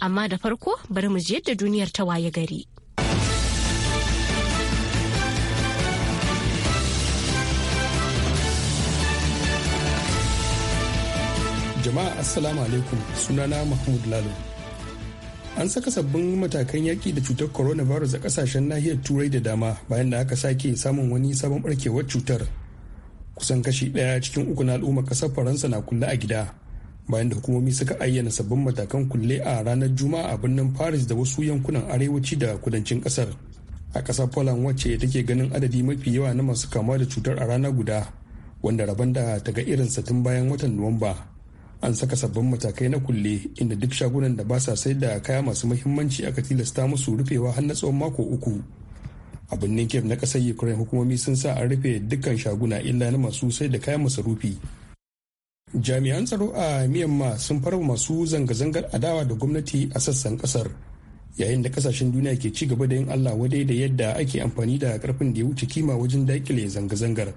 amma da farko bari mu je yadda duniyar ta waye gari. Jama'a Assalamu alaikum sunana Mahmud Lalo. An saka sabbin matakan yaƙi da cutar coronavirus a ƙasashen nahiyar Turai da dama bayan da aka sake samun wani sabon ɓarkewar cutar. Kusan kashi ɗaya cikin uku na al'ummar ƙasar Faransa na kulle a gida. bayan da hukumomi suka ayyana sabbin matakan kulle a ranar juma'a a birnin paris da wasu yankunan arewaci da kudancin kasar a ƙasar poland wacce take ganin adadi mafi yawa na masu kama da cutar a rana guda wanda rabon da ta ga irin sa tun bayan watan nuwamba an saka sabbin matakai na kulle inda duk shagunan da ba sa sai da kaya masu muhimmanci aka tilasta musu rufewa har na tsawon mako uku a birnin kiev na kasar ukraine hukumomi sun sa an rufe dukkan shaguna illa na masu sai da kayan masarufi jami'an tsaro a myanmar sun farwa masu zanga-zangar adawa da gwamnati a sassan kasar yayin da kasashen duniya ke ci gaba da yin allah wadai da yadda ake amfani da karfin da ya wuce kima wajen dakile zanga-zangar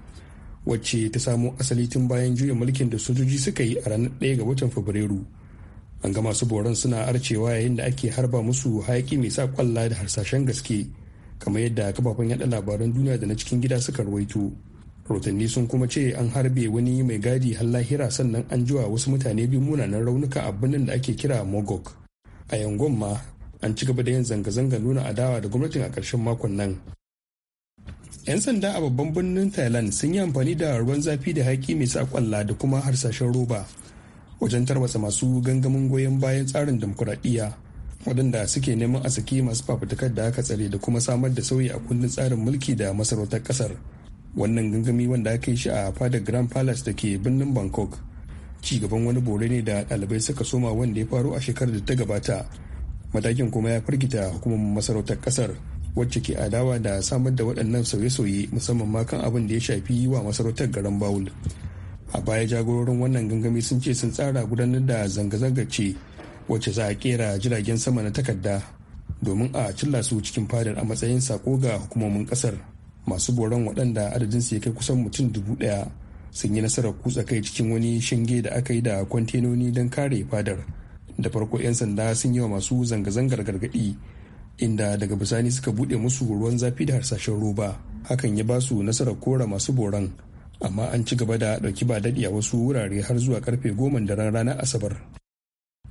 wacce ta samo asali tun bayan juya mulkin da sojoji suka yi a ranar ɗaya ga watan fabrairu an ga masu boran suna arcewa yayin da ake harba musu hayaki mai sa kwalla da harsashen gaske kamar yadda kafafen yaɗa labaran duniya da na cikin gida suka ruwaito rahotanni sun kuma ce an harbe wani mai gadi har lahira sannan an jiwa wasu mutane biyu munanan raunuka a birnin da ake kira mogok a yangon ma an ci gaba da yin zanga-zanga nuna adawa da gwamnatin a ƙarshen makon nan 'yan sanda a babban birnin thailand sun yi amfani da ruwan zafi da haƙi mai kwalla da kuma harsashen roba wajen tarwatsa masu gangamin goyon bayan tsarin demokuraɗiyya waɗanda suke neman a saki masu fafutukar da aka tsare da kuma samar da sauyi a kundin tsarin mulki da masarautar ƙasar wannan gangami wanda aka yi shi a fadar grand palace da ke birnin bangkok ci gaban wani bore ne da ɗalibai suka soma wanda ya faru a shekarar da ta gabata matakin kuma ya firgita hukumar masarautar kasar wacce ke adawa da samar da waɗannan sauye-sauye musamman ma kan abin da ya shafi yi wa masarautar garin bawul a baya jagororin wannan gangami sun ce sun tsara gudanar da zanga-zangar ce wacce za a kera jiragen sama na takarda domin a cilla su cikin fadar a matsayin sako ga hukumomin kasar masu boron waɗanda adadinsu ya kai kusan mutum dubu ɗaya sun yi nasarar kutsa kai cikin wani shinge da aka yi da kwantenoni don kare fadar da farko 'yan sanda sun yi wa masu zanga-zangar gargaɗi inda daga bisani suka buɗe musu ruwan zafi da harsashen roba hakan ya ba su nasarar kora masu boron amma an ci gaba da ɗauki ba daɗi a wasu wurare har zuwa karfe goma da ranar asabar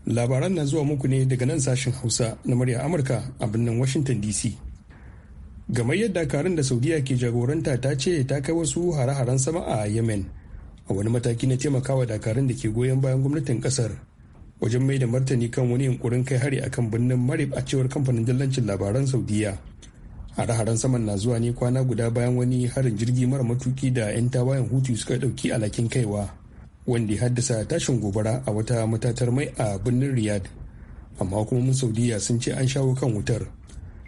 labaran na zuwa muku ne daga nan sashen hausa na murya amurka a birnin washington dc gamayyar dakarun da saudiya ke jagoranta ta ce ta kai wasu hare-haren sama a yemen a wani mataki na taimakawa dakarun da ke goyon bayan gwamnatin kasar wajen mai da martani kan wani yunkurin kai hari akan birnin marib a cewar kamfanin dillancin labaran saudiya hare-haren saman na zuwa ne kwana guda bayan wani harin jirgi mara matuki da 'yan tawayen hutu suka dauki alakin kaiwa wanda ya haddasa tashin gobara a wata matatar mai a birnin Riyad, amma hukumomin saudiya sun ce an shawo kan wutar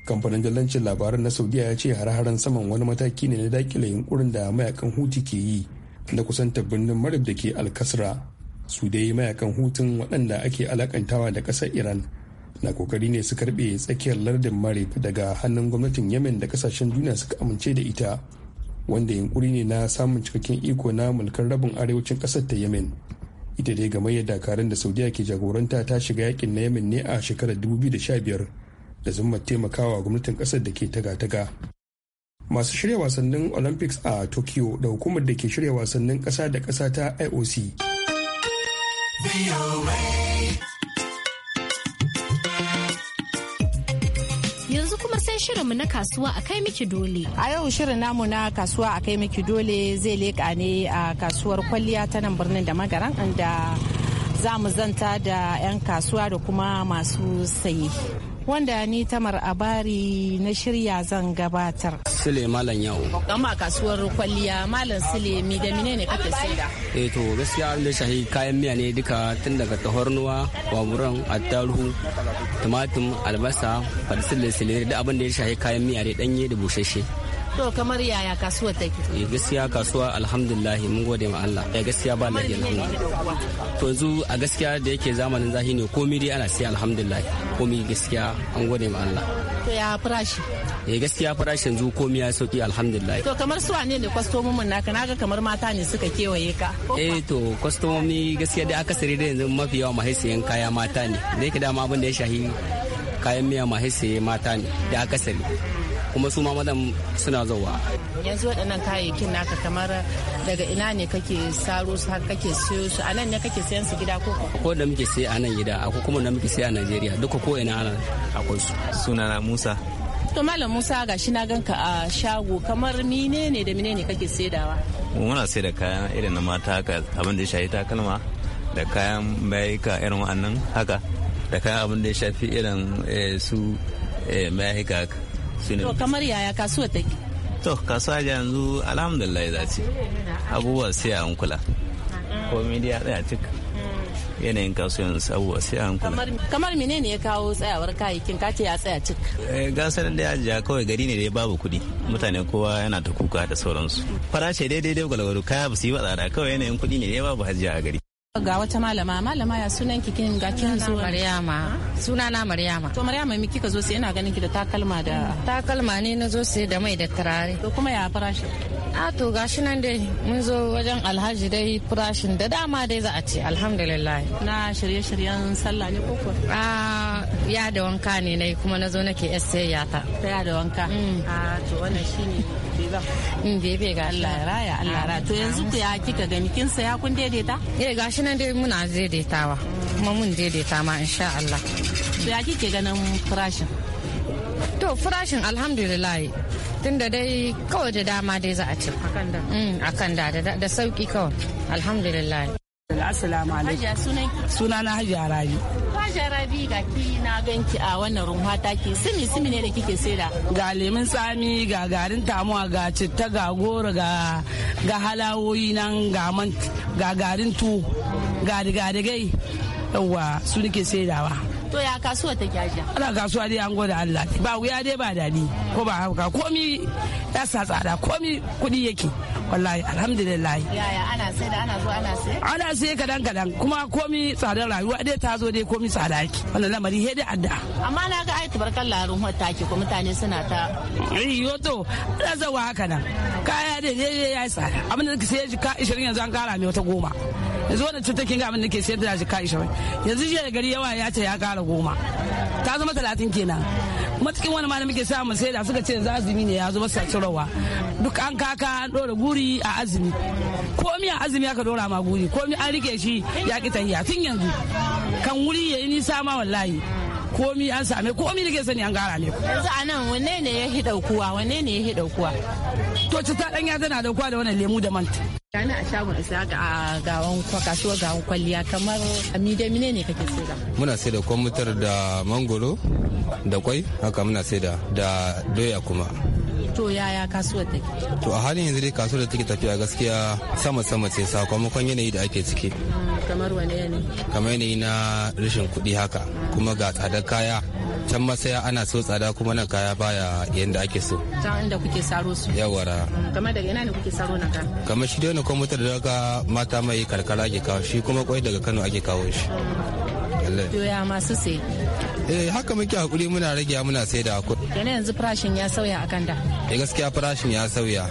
kamfanin dillancin labaran na saudiya ya ce har-haren saman wani mataki ne na dakile yunkurin da mayakan hutu ke yi na kusan birnin marib da ke alkasra su dai mayakan hutun waɗanda ake alakantawa da ƙasar iran na kokari ne su karɓe tsakiyar lardin marib daga hannun gwamnatin yemen da ƙasashen duniya suka amince da ita wanda yunkuri ne na samun cikakken iko na mulkar rabin arewacin ƙasar ta yemen ita dai gamayyar dakarun da saudiya ke jagoranta ta shiga yakin na yemen ne a shekarar 2015 da zumar taimakawa gwamnatin kasar da ke taga-taga masu shirya wasannin olympics a tokyo da hukumar da ke shirya wasannin kasa da kasa ta ioc yanzu kuma sai shirinmu na kasuwa a kai miki dole. A yau shirin namu na kasuwa a kai miki dole zai leƙa ne a kasuwar kwalliya ta nan birnin da magaran inda za mu zanta da 'yan kasuwa da kuma masu saye. wanda ni tamar abari na shirya zan gabatar. Sule Malam Yau. Gama kasuwar kwalliya Malam Sule mi da mine ne kake saida? Eh to gaskiya da shahi kayan miya ne duka tun daga tahornuwa, kwamuran, attaruhu, tumatum, albasa, farsil da sileri da abin da ya shahi kayan miya ne danye da bushashe. To kamar yaya kasuwar take? Eh gaskiya kasuwa alhamdulillah mun gode ma Allah. Eh gaskiya ba lafiya alhamdulillah. To yanzu a gaskiya da yake zamanin zahi ne komai dai ana sai alhamdulillah. Komai gaskiya an gode ma Allah. To ya farashi? Eh gaskiya farashin yanzu komai ya sauki alhamdulillah. To kamar su wane ne kwastomomin naka naga kamar mata ne suka kewaye ka. Eh to kwastomomi gaskiya dai akasari da yanzu mafi yawa mahaifiyan kaya mata ne. Da yake dama abin da ya shahi kayan miya mahaifiyan mata ne da akasari. kuma su ma madam suna zauwa yanzu waɗannan kayayyakin naka kamar daga ina ne kake saro su har kake siyo su a nan ne kake sayan su gida ko ko da muke siya a nan gida akwai kuma da muke siya a Najeriya duka ko ina akwai su sunana Musa to malam musa ga shi na ganka a shago kamar menene da menene kake saidawa muna sai da kayan irin na mata haka abin da ya shafi takalma da kayan mayika irin wa'annan haka da kayan abin da ya shafi irin eh, su eh, mayika haka to kamar yaya kasuwa take to kasuwa yanzu alhamdulillah za ce abubuwa sai a hankula Ko dai tsaya cika yanayin kasuwanci abubuwa sai a hankula kamar menene ya kawo tsayawar kayayyakin ka ce ya tsaya cik eh, gasar da ya kawai gari ne da babu kuɗi mutane kowa yana ta kuka da sauransu farashi daidai dai gwalgwaro kaya ba su yi ba tsada kawai yanayin kuɗi ne dai babu hajiya a gari ga wata malama malama ya sunan ki kin ga kin zo Maryama sunana Maryama to Maryama mi kika zo sai ina ganin ki da takalma da takalma ne na zo sai da mai da turare to kuma ya farashi a ah, to gashi nan dai mun zo wajen alhaji dai furashin da dama dai za a ce alhamdulillah na shirye-shiryen sallah ne koko a ah, ya da wanka ne na kuma na zo nake ya ta ya da wanka mm. a ah, to wannan shine in mm, bebe ga Allah ya raya Allah ya to yanzu ku ya kika gani kin saya kun daidaita eh gashi nan dai muna daidaitawa kuma mun daidaita ma insha Allah to ya kike ganin farashin to farashin alhamdulillah tunda dai kawai da dama dai za a ci akan da mm, da sauki kawai alhamdulillah Assalamu alaikum. Suna na Hajiya Rabi. Hajiya Rabi ga ki na ganki a wannan rumfa taki simi simi ne da kike saida. Ga lemun tsami ga garin tamuwa ga citta ga goro ga ga halawoyi nan ga man ga garin tuwo ga diga digai. Yawwa su nake saidawa. to ya kasuwa ta gyaja ana kasuwa dai an gode Allah ba wuya dai ba dadi ko ba haka komi ya sa tsada komi kudi yake wallahi alhamdulillah yaya ana sai da ana zo ana sai ana sai kadan kadan kuma komi tsadar rayuwa dai ta zo dai komi tsada yake wannan lamari he dai adda amma na ga ai tabarkan larun wata ke ko mutane suna ta eh yoto ana zawa haka nan kaya dai dai eh, eh, ya tsada abin da sai ka 20 yanzu an kara mai wata goma yanzu wannan cutar kin ga abin da ke sayar da jika ishirin yanzu jiya da gari yawa ya ce ya kara goma ta zama talatin kenan matukin wani ma da muke sa mu saida suka ce yanzu azumi ne ya zo basa cirowa duk an kaka an dora guri a azumi mi a azumi aka dora ma guri ko mi an rike shi ya ki tahiya tun yanzu kan wuri ya yi nisa ma wallahi komi an same komi nake ke sani an gara ne yanzu a nan wanne ne ya hi daukuwa wanne ne ya hi daukuwa to cita danya tana daukuwa da wannan lemu da manta Gani a shagon isa ga gawan kasuwar gawan kwalliya kamar amide mine ne kake saida? Muna saida kwamfutar da mangoro da kwai haka muna saida da doya kuma. to yaya kasuwar take to a halin yanzu dai kasuwar da take tafiya gaskiya sama sama ce sakamakon yanayi da ake ciki kamar wane ne. kamar yanayi na rashin kuɗi haka kuma ga tsadar kaya can masaya ana so tsada kuma nan kaya baya yadda ake so can inda kuke saro su yawara kamar daga ina ne kuke saro na kan kamar shi dai ne kuma daga mata mai karkara ake kawo shi kuma kwai daga Kano ake kawo shi doya masu sai eh haka muke hakuri muna rage muna sai da hakuri yanzu farashin ya sauya akan da eh gaskiya farashin ya sauya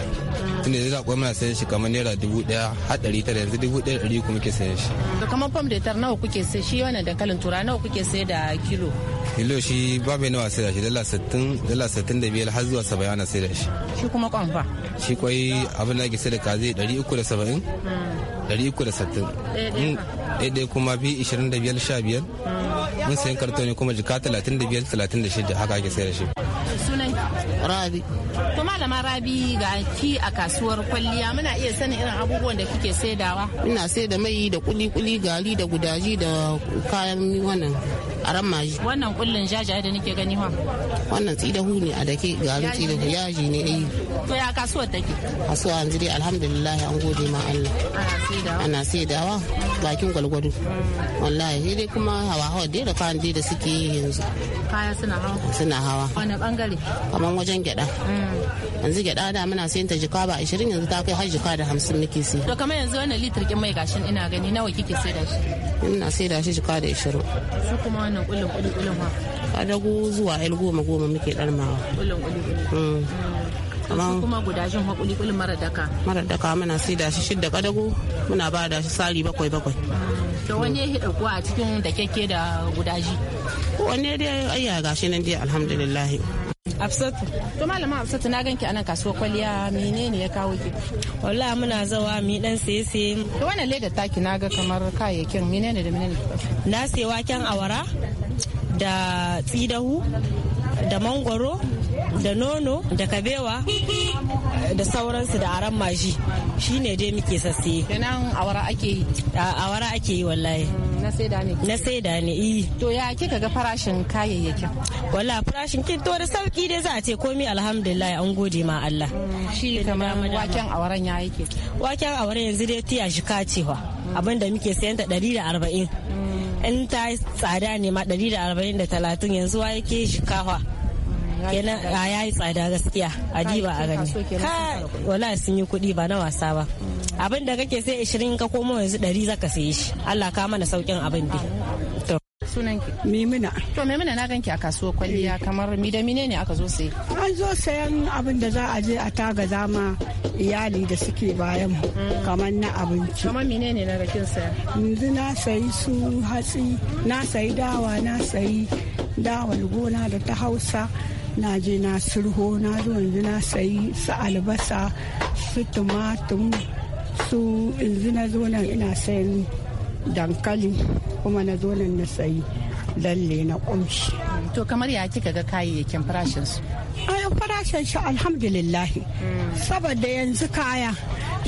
tunda yanzu akwai muna sayan shi kamar naira dubu ɗaya har ɗari tara yanzu dubu ɗaya ɗari kuma muke sayan shi. to kamar fam da tar nawa kuke sai shi wannan dankalin tura nawa kuke sai da kilo. kilo shi mai nawa sai da shi dala sittin dala sittin da biyar har zuwa saba'in ana sai da shi. shi kuma kwan fa. shi kwai abin da ake sai da kaze ɗari uku da saba'in. Hmm. ɗari uku da sittin. Hmm, ɗaya kuma bi ishirin da biyar sha biyar. Hmm. mun sayan kartoni kuma jika talatin da biyar talatin da shida haka ake sai da shi. marabi. to malama rabi ga ki a kasuwar kwalliya muna iya sanin irin abubuwan da kike saidawa ina sai da mai da kuli kuli gari da gudaji da kayan wannan aran maji wannan kullun jajaye da nake gani ha wannan tsidahu ne a dake garin tsidahu yaji ne eh to ya kasuwar take kasuwa yanzu dai alhamdulillah an gode ma Allah ana saidawa bakin gwalgwado hmm. wallahi sai dai kuma hawa hawa dai da kayan dai da suke yanzu kaya suna hawa suna hawa wani bangare kaman wajen gyada hmm. yanzu ke da muna sayan ta jika ba 20 yanzu ta kai har jika da 50 muke sai to kamar yanzu wannan litir kin mai gashin ina gani nawa kike sai da shi ina sai da shi jika da 20 su kuma wannan kullun kullun kullun ma a dago zuwa el goma goma muke darmawa kullun kullun kamar mm. kuma gudajin hakuli kulin mara daka mara daka muna sai da shi shidda kadago muna ba da shi sari bakwai bakwai to wani ya hida kuwa a cikin da keke da gudaji wanne dai ayya gashi nan dai alhamdulillah Absatu. To malama Absatu na ganki anan kasuwar kwalliya menene ya kawo ki? Wallahi muna zawa mi dan saye saye. To wannan leda taki naga kamar kayayyakin menene da menene? Na sayi waken awara da tsidahu da mangoro da nono da kabewa da sauransu da aran maji shine dai muke sassaye. Kenan awara ake yi? Awara ake yi wallahi. na saida ne na saida ne eh to ya kika ga farashin kayayyakin wala farashin kin to da sauki dai za a ce komai alhamdulillah an gode ma Allah mm, shi kamar waken auren ya yake waken auren yanzu dai tiya shi kacewa mm. abinda muke sayan ta 140 mm. in ta tsada ne ma 140 da 30 yanzu wa yake shikawa kenan a yayi tsada gaskiya a diba a gani ka wala sun yi kuɗi ba na wasa ba abin da kake sai ishirin ka komo yanzu 100 zaka sai shi Allah ka mana saukin abin dai ki Mimina. To Mimina na ganki a kasuwar kwalliya kamar mi da mine ne aka zo sai? An zo sayan abin da za a je a taga zama iyali da suke bayan mm. kamar na abinci. Kamar mine ne na rakin saya? Yanzu na sayi su hatsi, na sayi dawa, na sayi dawal gona da ta hausa. na je na sirho na zo yanzu na sayi su albasa su tumatum su yanzu na zo nan ina sayan dankali kuma na zo nan na sayi lalle na kumshi. To kamar ya kika ga kayayyakin farashin su? Ayan farashin shi alhamdulillah. Mm. Saboda yanzu kaya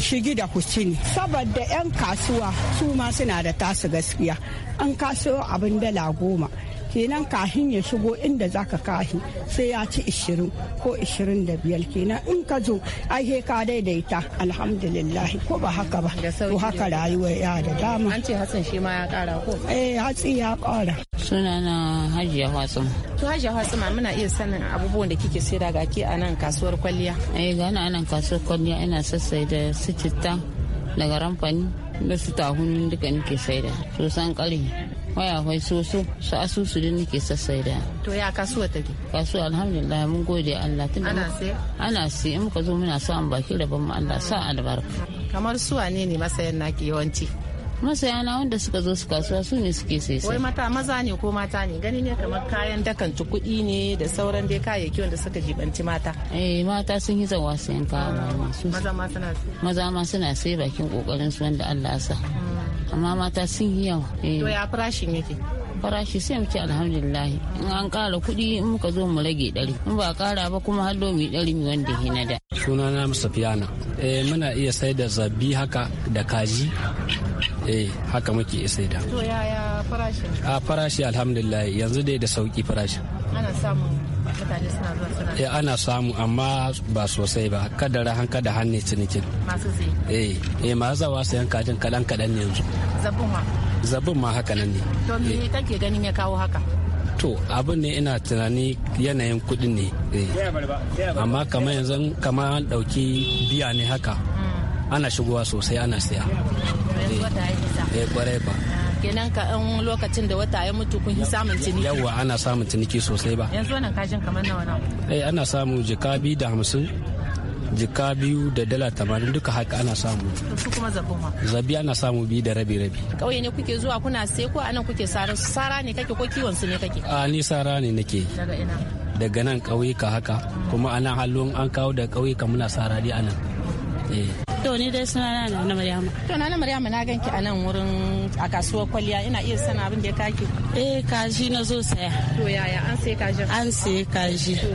shigi da kuci ne. Saboda 'yan kasuwa su ma suna da tasu gaskiya. An kasuwa abin dala goma. kenan kahin ya shigo inda zaka kahi sai ya ci ishirin ko ishirin da biyar kenan in ka zo ai ka daidaita alhamdulillah ko ba haka ba to haka rayuwa ya da dama an ce hasan shi ma ya kara ko eh hatsi ya kara sunana hajiya hasan to hajiya hatsin muna iya sanin abubuwan da kike sai daga ke a nan kasuwar kwalliya eh ga nan kasuwar kwalliya ina sassai da su daga ramfani da su tahunin duka nake saida sosan kare waya wai soso su asusu din nake da. to ya kasuwa take kasuwa alhamdulillah mun gode Allah tun ana sai ana sai in muka zo muna an baki rabon mu Allah sa albarka kamar suwa ne ne masayan naki yawanci na wanda suka zo su kasuwa su ne suke sai sai wai mata maza ne ko mata ne gani ne kamar kayan dakanci kuɗi ne da sauran dai kayayyaki wanda suka jibanci mata eh mata sun yi zawa sayan kaya maza ma suna sai maza ma suna sai bakin kokarin su wanda Allah ya sa hmm. amma mata sun yi yawa eh. to ya farashin yake farashi sai mu ce alhamdulillah in an kara kuɗi in muka zo mu rage ɗari in ba kara ba kuma hallo mu ɗari mu wanda hina da sunana musafiyana eh muna iya sai da zabi haka da kaji eh haka muke iya sai da to yaya farashi a farashi alhamdulillah yanzu dai da sauki farashi ana samun mutane suna zuwa eh, ana samu amma ba sosai ba kadara hanka da hannu cinikin masu zai eh, eh masu zawa sayan kajin kadan kadan ne yanzu zabun ma zabun ma haka nan ne to me eh. kake ganin ya kawo haka to abin ne ina tunani yanayin kuɗi ne amma kama yanzu kama ɗauki biya ne haka hmm. ana shigowa sosai ana siya kwarai ba kenan ka an lokacin da wata ya mutu kun yi samun ciniki yawa ana samun ciniki sosai ba yanzu wannan kashin kamar nawa nawa eh ana samu jika biyu da hamsin jika biyu da dala tamanin duka haka ana samu su kuma zabi ma zabi ana samu biyu da rabi rabi kauye ne kuke zuwa kuna sai ko anan kuke sara sara ne kake ko kiwon su ne kake a ni sara ne nake daga ina daga nan kauyuka haka kuma ana halon an kawo da kauyuka muna sara dai anan Eh. To ni dai suna na na Maryama. To na na Maryama na ganki a nan wurin a kasuwar kwalliya ina iya sana abin da ya kaki. Eh kaji na zo saya. To yaya an sai kaji? An sai kaji. To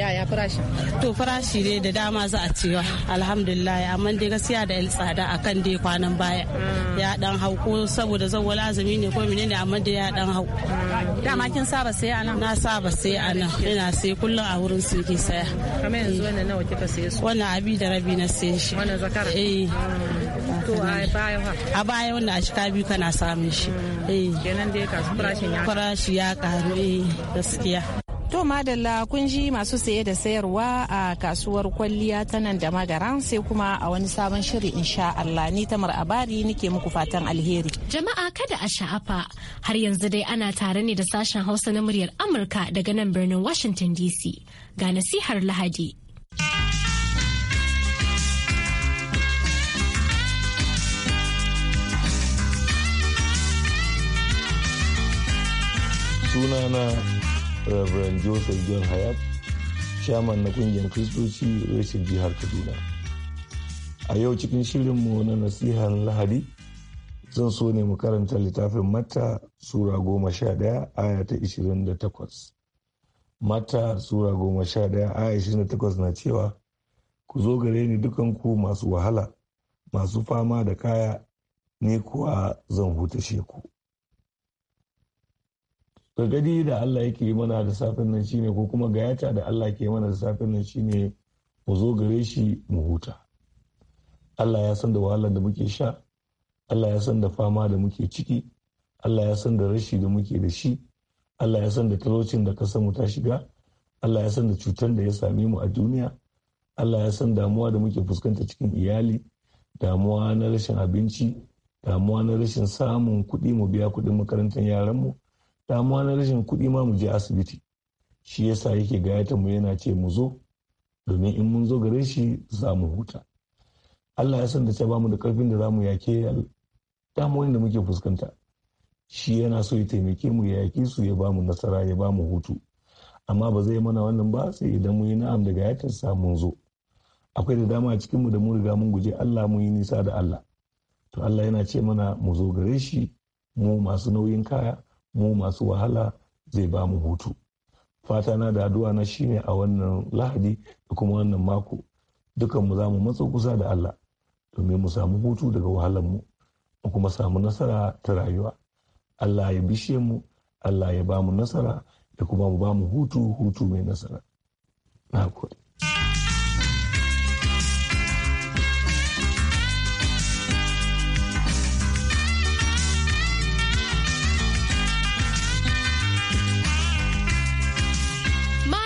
yaya farashi? To farashi dai da dama za a cewa alhamdulillah amma dai gaskiya da tsada akan dai kwanan baya. Mm. Ya dan hau ko saboda wala azumi ne ko menene amma dai ya dan hau. Mm. Dama kin saba sai a nan? Na saba sai a nan ina sai kullum a wurin sai ke saya. Kamar yanzu mm. wannan nawa kika saye su? Wannan abi da rabi na saye shi. wannan zakar eh to a baya a baya wannan a shika biyu kana samun shi hmm. eh kenan dai farashin ya farashi ya karu eh gaskiya To madalla kun ji masu saye da sayarwa a kasuwar kwalliya ta nan da magaran sai kuma a wani sabon shiri insha Allah ni tamar abari nike muku fatan alheri. Jama'a kada a sha'afa har yanzu dai ana tare ne da sashen Hausa na muryar Amurka daga nan birnin Washington DC ga nasihar Lahadi. sunana reverend joseph john hayat shaman na kungiyar kristoci reshin jihar kaduna a yau cikin shirinmu na nasihan lahadi zan so ne mu karanta littafin mata sura goma sha daya aya ta ishirin da takwas mata sura goma sha daya aya ishirin da takwas na cewa ku zo gare ni dukanku masu wahala masu fama da kaya ni kuwa zan hutashe ku gargadi da Allah yake yi mana da safin nan shine ko kuma gayata da Allah ke mana da safin nan shine mu zo gare shi mu huta Allah ya san da wahalar da muke sha Allah ya san da fama da muke ciki Allah ya san da rashi da muke da shi Allah ya san da talaucin da kasa mu ta shiga Allah ya san da cutar da ya same mu a duniya Allah ya san damuwa da muke fuskanta cikin iyali damuwa na rashin abinci damuwa na rashin samun kuɗi mu biya kuɗin makarantar yaranmu mu damuwa na rashin kuɗi ma mu je asibiti shi yasa yake gayatar mu yana ce mu zo domin in mun zo gare shi za mu huta Allah ya san da ba mu da karfin da za mu yake damuwoyin da muke fuskanta shi yana so ya taimake mu ya yaki su ya ba mu nasara ya ba mu hutu amma ba zai mana wannan ba sai idan mu yi na'am da gayatar sa mun zo akwai da dama a cikin mu da mu riga mun guje Allah muyi yi nisa da Allah to Allah yana ce mana mu zo gare shi mu masu nauyin kaya mu masu wahala zai ba mu hutu fata na da addu'a na shine a wannan lahadi da kuma wannan mako dukan mu za mu matsa kusa da Allah domin mu samu hutu daga wahalar mu mu kuma samu nasara ta rayuwa Allah ya bishe mu Allah ya ba mu nasara da kuma mu ba mu hutu hutu mai nasara na gode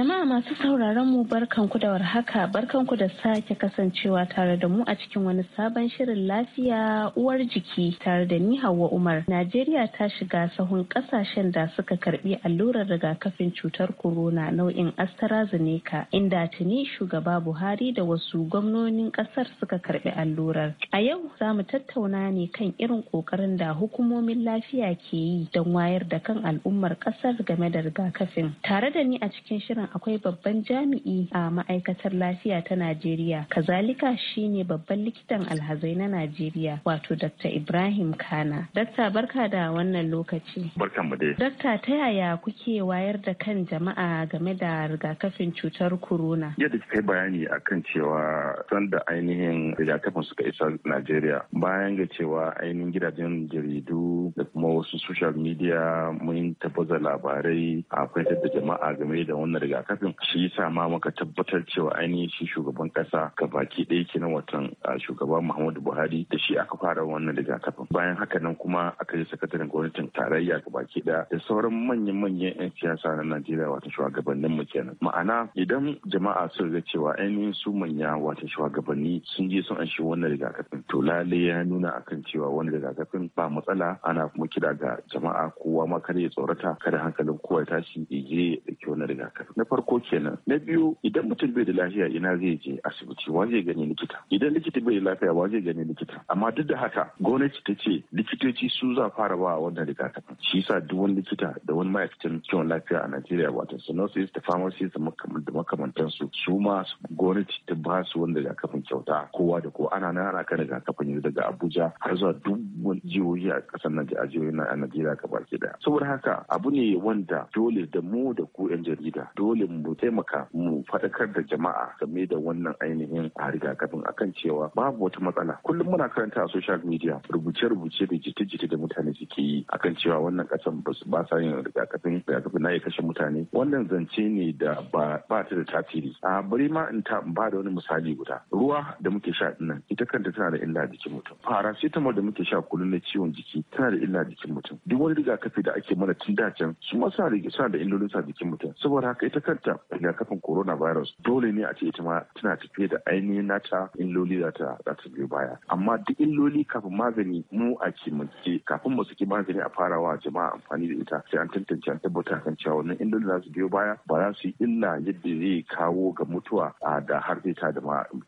Jama'a masu sauraron mu barkanku da warhaka barkanku da sake kasancewa tare da mu a cikin wani sabon shirin lafiya uwar jiki tare da ni Hauwa Umar. Najeriya ta shiga sahun kasashen da suka karbi allurar rigakafin cutar corona nau'in AstraZeneca inda tuni shugaba Buhari da wasu gwamnonin kasar suka karbi allurar. A yau za mu tattauna ne kan irin kokarin da hukumomin lafiya ke yi don wayar da kan al'ummar kasar game da rigakafin. Tare da ni a cikin shirin akwai babban jami'i a ma'aikatar lafiya ta Najeriya. Kazalika shine babban likitan alhazai na Najeriya wato Dr. Ibrahim Kana. Dakta barka da wannan lokaci. Barkan mu dai. Dakta ta yaya kuke wayar da kan jama'a game da rigakafin cutar corona? Yadda kika yi bayani akan cewa sanda ainihin rigakafin suka isa Najeriya bayan ga cewa ainihin gidajen jaridu da kuma wasu social media mun tabbata labarai a kwantar da jama'a game da wannan rigakafin rigakafin shi yasa ma muka tabbatar cewa ainihin shi shugaban kasa baki ɗaya kenan watan ah, shugaba Muhammadu Buhari da shi aka fara wannan rigakafin. Bayan haka nan kuma aka yi sakataren gwamnatin tarayya baki ɗaya da sauran manyan-manyan 'yan siyasa na Najeriya wato shugabannin mu kenan. Ma'ana idan jama'a sun ga cewa ainihin su manya wato shugabanni sun je sun anshi wannan rigakafin to lale ya nuna akan cewa wannan rigakafin ba matsala ana kuma kira ga jama'a kowa ma kada ya tsorata kada hankalin kowa ya tashi ya je da kyau wannan rigakafin. farko kenan na biyu idan mutum bai da lafiya ina zai je asibiti wa zai gani likita idan likita bai da lafiya wa zai gani likita amma duk da haka gwamnati ta ce likitoci su za fara ba wannan rigakafin shi yasa duk wani likita da wani ma'aikacin kiwon lafiya a Najeriya wato sinosis da pharmacists da makamantansu su ma gwamnati ta ba su wani rigakafin kyauta kowa da kowa ana nan ana kan rigakafin yanzu daga Abuja har zuwa duk wani jihohi a kasar nan, a Najeriya gaba ki daya saboda haka abu ne wanda dole da mu da ku 'yan jarida dole dole mu taimaka mu faɗakar da jama'a game da wannan ainihin a rigakafin akan cewa babu wata matsala kullum muna karanta a social media rubuce-rubuce da jita-jita da mutane suke yi akan cewa wannan kasan ba sa yin rigakafin rigakafin na ya kashe mutane wannan zance ne da ba ta da tasiri a bari ma in ta ba da wani misali guda ruwa da muke sha dinnan ita kanta tana da illa jikin mutum paracetamol da muke sha kullum na ciwon jiki tana da illa jikin mutum duk wani rigakafi da ake mana tun da can su ma suna da illolin sa jikin mutum saboda haka ita kafin rigakafin coronavirus dole ne a ce ita ma tana tafiye da ainihin nata illoli za ta za biyo baya amma duk illoli kafin magani mu a kimanci kafin mu saki magani a farawa jama'a amfani da ita sai an tantance an tabbata kan cewa wannan illoli za su biyo baya ba za su yi illa yadda zai kawo ga mutuwa a da har zai ta da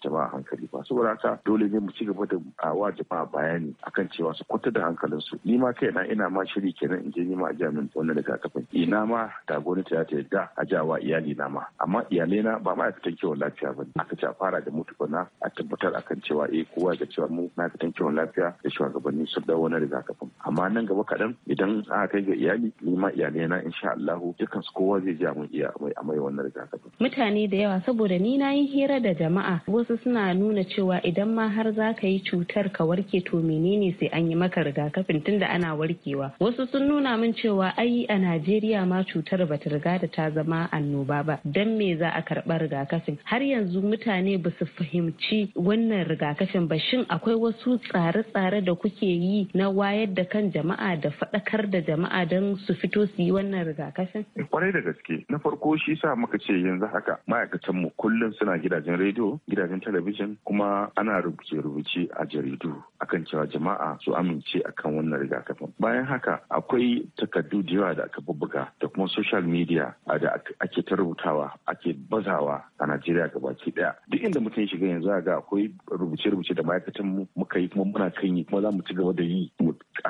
jama'a hankali ba saboda haka dole ne mu ci gaba da wa jama'a bayani akan cewa su kwata da su, ni ma kai na ina ma shiri kenan in je ni ma a jami'in wannan rigakafin ina ma da gwamnati ta yadda a jawa iyali na ma amma iyalai na ba ma fitan kiwon lafiya ba ne aka ce a fara da mutuwa na a tabbatar akan cewa eh kowa ga cewa mu fitan kiwon lafiya da shugabanni su dawo na rigakafin amma nan gaba kaɗan idan a kai ga iyali ni ma iyalai na insha Allahu dukkan su kowa zai ji mun iya mai amai wannan rigakafin mutane da yawa saboda ni na yi hira da jama'a wasu suna nuna cewa idan ma har za ka yi cutar ka warke to menene sai an yi maka rigakafin tunda ana warkewa wasu sun nuna min cewa ai a Najeriya ma cutar bata riga da ta zama an annoba ba dan me za a karɓa rigakafin har yanzu mutane ba su fahimci wannan rigakafin ba shin akwai wasu tsare-tsare da kuke yi na wayar da kan jama'a da faɗakar da jama'a don su fito su yi wannan rigakafin? kwarai da gaske na farko shi sa muka ce yanzu haka ma'aikatan mu kullum suna gidajen rediyo gidajen talabijin kuma ana rubuce-rubuce a jaridu akan cewa jama'a su amince akan wannan rigakafin bayan haka akwai takardu da yawa da aka bubbuga da kuma social media da ake ake ta rubutawa ake bazawa a Najeriya gabaki daya duk inda mutum shiga yanzu ga akwai rubuce-rubuce da ma'aikatan mu muka yi kuma muna kan yi kuma za mu ci gaba da yi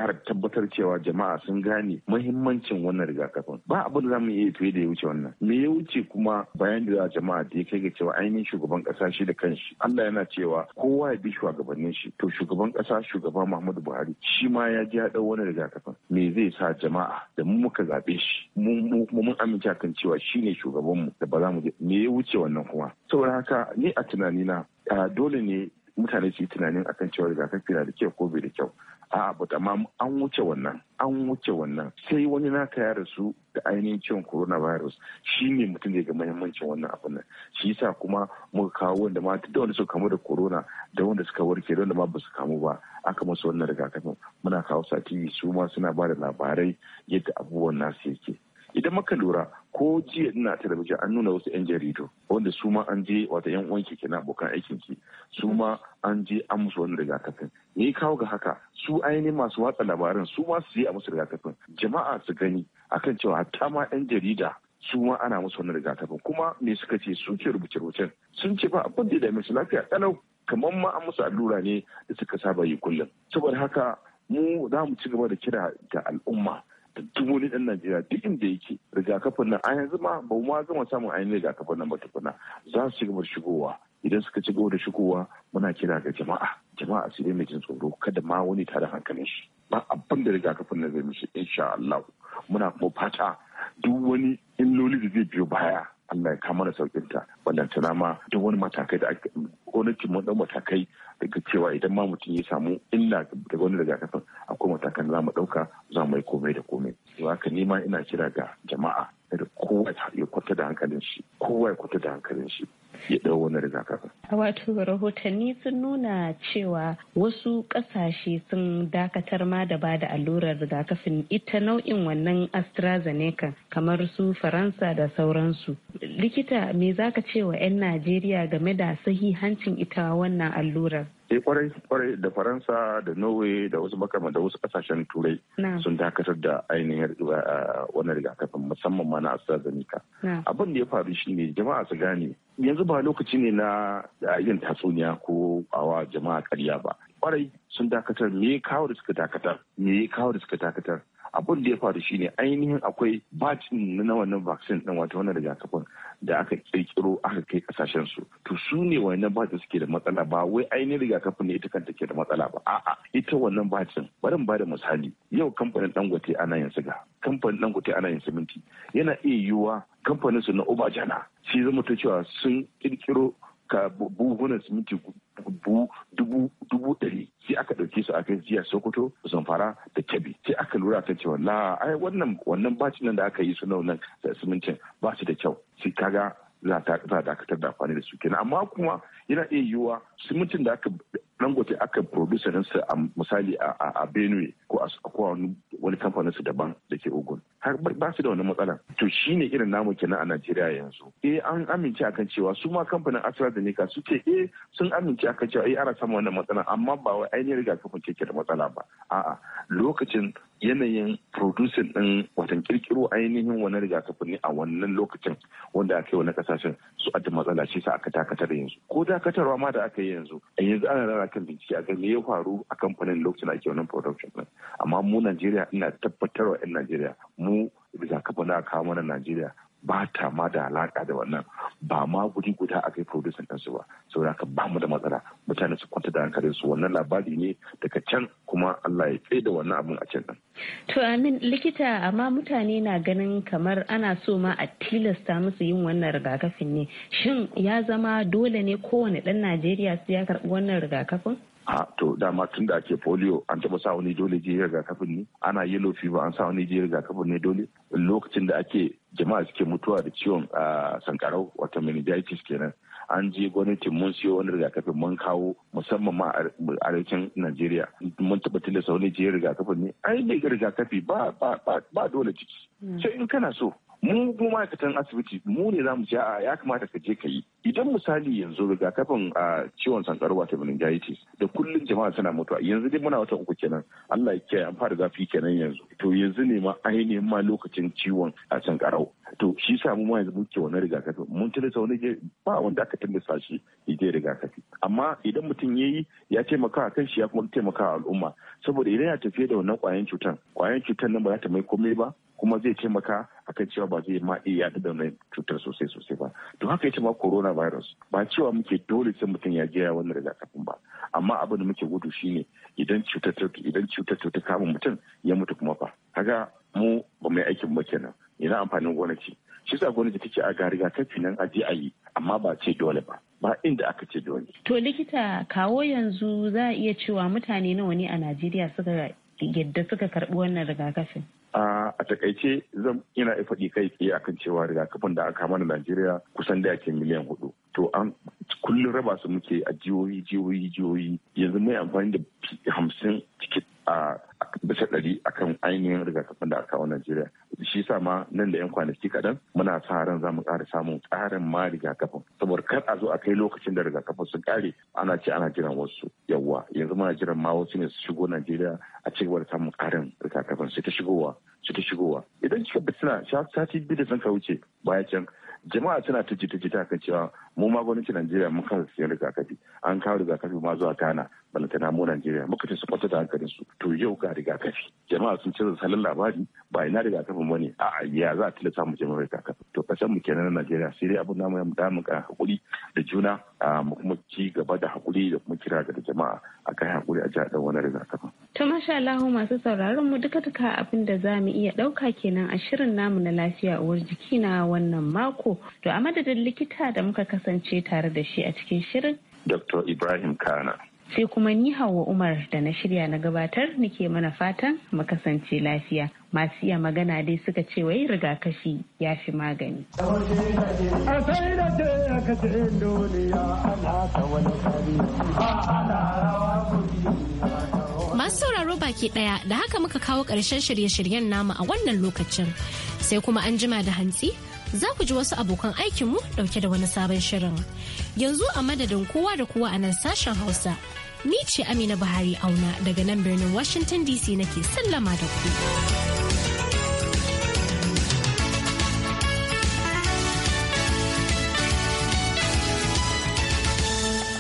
ƙara tabbatar cewa jama'a sun gane muhimmancin wannan rigakafin ba abin da za mu iya fiye da ya wuce wannan me ya wuce kuma bayan da jama'a da ya kai ga cewa ainihin shugaban ƙasa shi da kanshi Allah yana cewa kowa ya bi shugabannin shi to shugaban kasa shugaba Muhammadu Buhari shi ma ya ji haɗa wannan rigakafin me zai sa jama'a da mu muka zaɓe shi mun amince kan cewa shi ne shugabanmu da ba za mu je me ya wuce wannan kuma saboda haka ni a tunanina dole ne mutane su yi tunanin akan cewa rigakafi na da kyau ko bai da kyau A'a but amma an wuce wannan an wuce wannan sai wani naka ya rasu da ainihin ciwon coronavirus shi ne mutum da ga mahimmancin wannan abin nan shi yasa kuma muka kawo wanda ma duk da wanda suka kamu da corona da wanda suka warke da wanda ma ba su kamu ba aka musu wannan rigakafin muna kawo sa tv su ma suna ba da labarai yadda abubuwan nasu yake idan maka lura ko jiya ina talabijin an nuna wasu 'yan jaridu wanda su ma an je wata 'yan uwanki kenan abokan aikin ki su ma an je an musu wani rigakafin me kawo ga haka su ainihin masu watsa labaran su ma su yi a musu rigakafin jama'a su gani akan cewa hatta ma 'yan jarida su ma ana musu wani rigakafin kuma me suka ce sun ce rubuce-rubucen sun ce ba abin da ya lafiya kalau kamar ma an musu allura ne da suka saba yi kullum saboda haka mu za mu ci gaba da kira ga al'umma da duk wani ɗan Najeriya duk inda yake rigakafin nan a yanzu ma ba ma gama samun ainihin rigakafin nan ba tukuna za su ci gaba da shigowa idan suka ci gaba da shigowa muna kira ga jama'a jama'a su dai jin tsoro kada ma wani tare hankalin shi ba abin da rigakafin nan zai mishi insha Allah muna kuma fata duk wani illoli da zai biyo baya Allah ya kama da saukin ta wannan tana ma duk wani matakai da gwamnati mun matakai daga cewa idan ma mutum ya samu illa daga wani rigakafin akwai matakan za mu ɗauka za mu yi komai da komai. To haka ni ma ina kira ga jama'a da kowa ya kwata da hankalin shi kowa ya kwata da hankalin shi ya ɗau wani rigakafin. Wato rahotanni sun nuna cewa wasu ƙasashe sun dakatar ma da ba da allurar rigakafin ita nau'in wannan AstraZeneca kamar su Faransa da sauransu. likita me za ka ce wa 'yan najeriya game da sahihancin ita wannan allurar e kwarai kwarai da faransa da norway da wasu makama da wasu kasashen turai sun dakatar da ainihin eh, wannan rigakafin musamman ma na astrazeneca abin da ya faru shine jama'a su gane yanzu ba lokaci ne na eh, yin tatsuniya ko awa jama'a karya ba kwarai sun dakatar me kawo da suka dakatar me kawo da suka dakatar abin da ya faru shine ainihin akwai batin na wannan vaccine din wato wannan rigakafin da aka kirkiro aka kai kasashen su to su ne wannan batin suke da matsala ba wai ainihin rigakafin ne ita kanta ke da matsala ba a'a ita wannan batin bari mu bada misali yau kamfanin dangote ana yin siga kamfanin dangote ana yin siminti yana iya yiwuwa kamfanin su na obajana shi zama ta cewa sun kirkiro ka buhunan siminti dubu ɗari sai aka ɗauke su a kan jiya sokoto zamfara da kebbi sai aka lura kan cewa la ai wannan wannan bacin nan da aka yi su nan simintin ba su da kyau sai kaga za a dakatar da amfani da su kenan amma kuma yana iya yiwuwa simintin da aka dangote aka produce ɗinsa a misali a benue ko a wani kamfanin su daban da ke ogun har ba su da wani matsala to shine irin namu kenan a najeriya yanzu eh an amince akan cewa su ma kamfanin astrazeneca su ce eh sun amince akan cewa eh ana samun wannan matsala amma ba wai ainihin rigakafin keke da matsala ba a'a lokacin yanayin producing din watan kirkiro ainihin wani rigakafin ne a wannan lokacin wanda aka yi wani kasashen su adda matsala shi sa aka dakatar yanzu ko dakatarwa ma da aka yi yanzu a eh, yanzu ana rana kan bincike a me ya faru a kamfanin lokacin ake wannan production din amma mu Najeriya ina tabbatarwa 'yan Najeriya mu kafa na kawo mana Najeriya ba ta ma da alaƙa da wannan ba ma guri guda a kai producing ɗinsu ba saboda ka ba mu da matsala mutane su kwanta da hankalin su wannan labari ne daga can kuma Allah ya tsaye da wannan abun a can ɗin. To amin likita amma mutane na ganin kamar ana so ma a tilasta musu yin wannan rigakafin ne shin ya zama dole ne kowane ɗan Najeriya su ya karbi wannan rigakafin? a to dama tun da ake polio an taba sa wani dole je rigakafin ne ana yellow fever an sa wani je rigakafin ne dole lokacin da ake jama'a suke mutuwa da ciwon ah, sankarau wata meningitis kenan an je gwamnati mun siyo wani rigakafin mun kawo musamman ma arewacin najeriya mun taɓa tilasta wani je rigakafin ne ai ne rigakafi ba ba dole ciki hmm. sai in kana so mu mu ma'aikatan asibiti mu ne za mu ce a ya kamata ka je ka yi idan misali yanzu rigakafin a ciwon sankarau wato meningitis da kullum jama'a suna mutuwa yanzu dai muna wata uku kenan Allah ya kiyaye an fara zafi kenan yanzu to yanzu ne ma ainihin ma lokacin ciwon sankarau to shi sa ma yanzu muke wani rigakafi mun tuna wani ne ba wanda aka tilasta shi ya je rigakafi amma idan mutum ya yi ya taimaka kan shi ya kuma taimaka al'umma saboda idan ya tafiye da wannan kwayan cutan kwayan cutan nan ba za ta mai komai ba kuma zai taimaka akan cewa ba zai ma iya yaɗa da wannan cutar sosai sosai ba to haka ya ita ma corona virus ba cewa muke dole sai mutum ya je ya wannan rigakafin ba amma abin da muke gudu shine idan cutar idan cutar ta kama mutum ya mutu kuma fa kaga mu ba mai aikin ba kenan Yana amfanin gwamnati shi sa gwamnati take a ga rigakafi nan aje a yi amma ba ce dole ba ba inda aka ce dole to likita kawo yanzu za a iya cewa mutane nawa ne a najeriya suka yadda suka karbi wannan rigakafin a takaice zan ina faɗi kai tsaye akan cewa rigakafin da aka mana najeriya kusan da ake miliyan hudu to an kullum raba su muke a jihohi jihohi jihohi yanzu mai amfani da hamsin cikin a bisa ɗari akan ainihin rigakafin da aka kawo najeriya shi sa ma nan da 'yan kwanaki kaɗan muna sa ran za mu ƙara samun ƙarin ma rigakafin saboda kar a zo a kai lokacin da rigakafin sun ƙare ana ce ana jiran wasu yawwa yanzu muna jiran ma wasu ne su shigo najeriya a ci gaba da samun ƙarin rigakafin su ta shigowa su ta shigowa idan kika bi suna sati biyu da sun ka wuce baya can jama'a suna ta jita jita kan cewa mu ma gwamnatin najeriya mun kasa siyan rigakafi an kawo rigakafi ma zuwa ghana balantana namu Najeriya muka ce su kwanta da hankalin su to yau ga rigakafi jama'a sun canza salon labari ba ina rigakafin bane a ya za a tilasta mu jama'a rigakafi to kasan mu kenan Najeriya sai dai abin namu ya mu damu ka hakuri da juna mu kuma ci gaba da hakuri da kuma kira ga jama'a a kai hakuri a jihar wani rigakafin. To masha Allah masu sauraron mu duka duka abin da za mu iya ɗauka kenan a shirin namu na lafiya uwar jiki na wannan mako to a madadin likita da muka kasance tare da shi a cikin shirin. Dr. Ibrahim Kana. sai kuma ni hawa umar da na shirya na gabatar nake mana fatan mu kasance lafiya masu iya magana dai suka ce wai rigakafi ya fi magani. Masu sauraro baki ɗaya da haka muka kawo ƙarshen shirye-shiryen namu a wannan lokacin sai kuma an jima da hantsi za ku ji wasu abokan aikinmu dauke da wani sabon shirin. Yanzu a madadin kowa da kowa a nan sashen Hausa, ni ce Amina Buhari auna daga nan birnin Washington DC nake sallama da ku.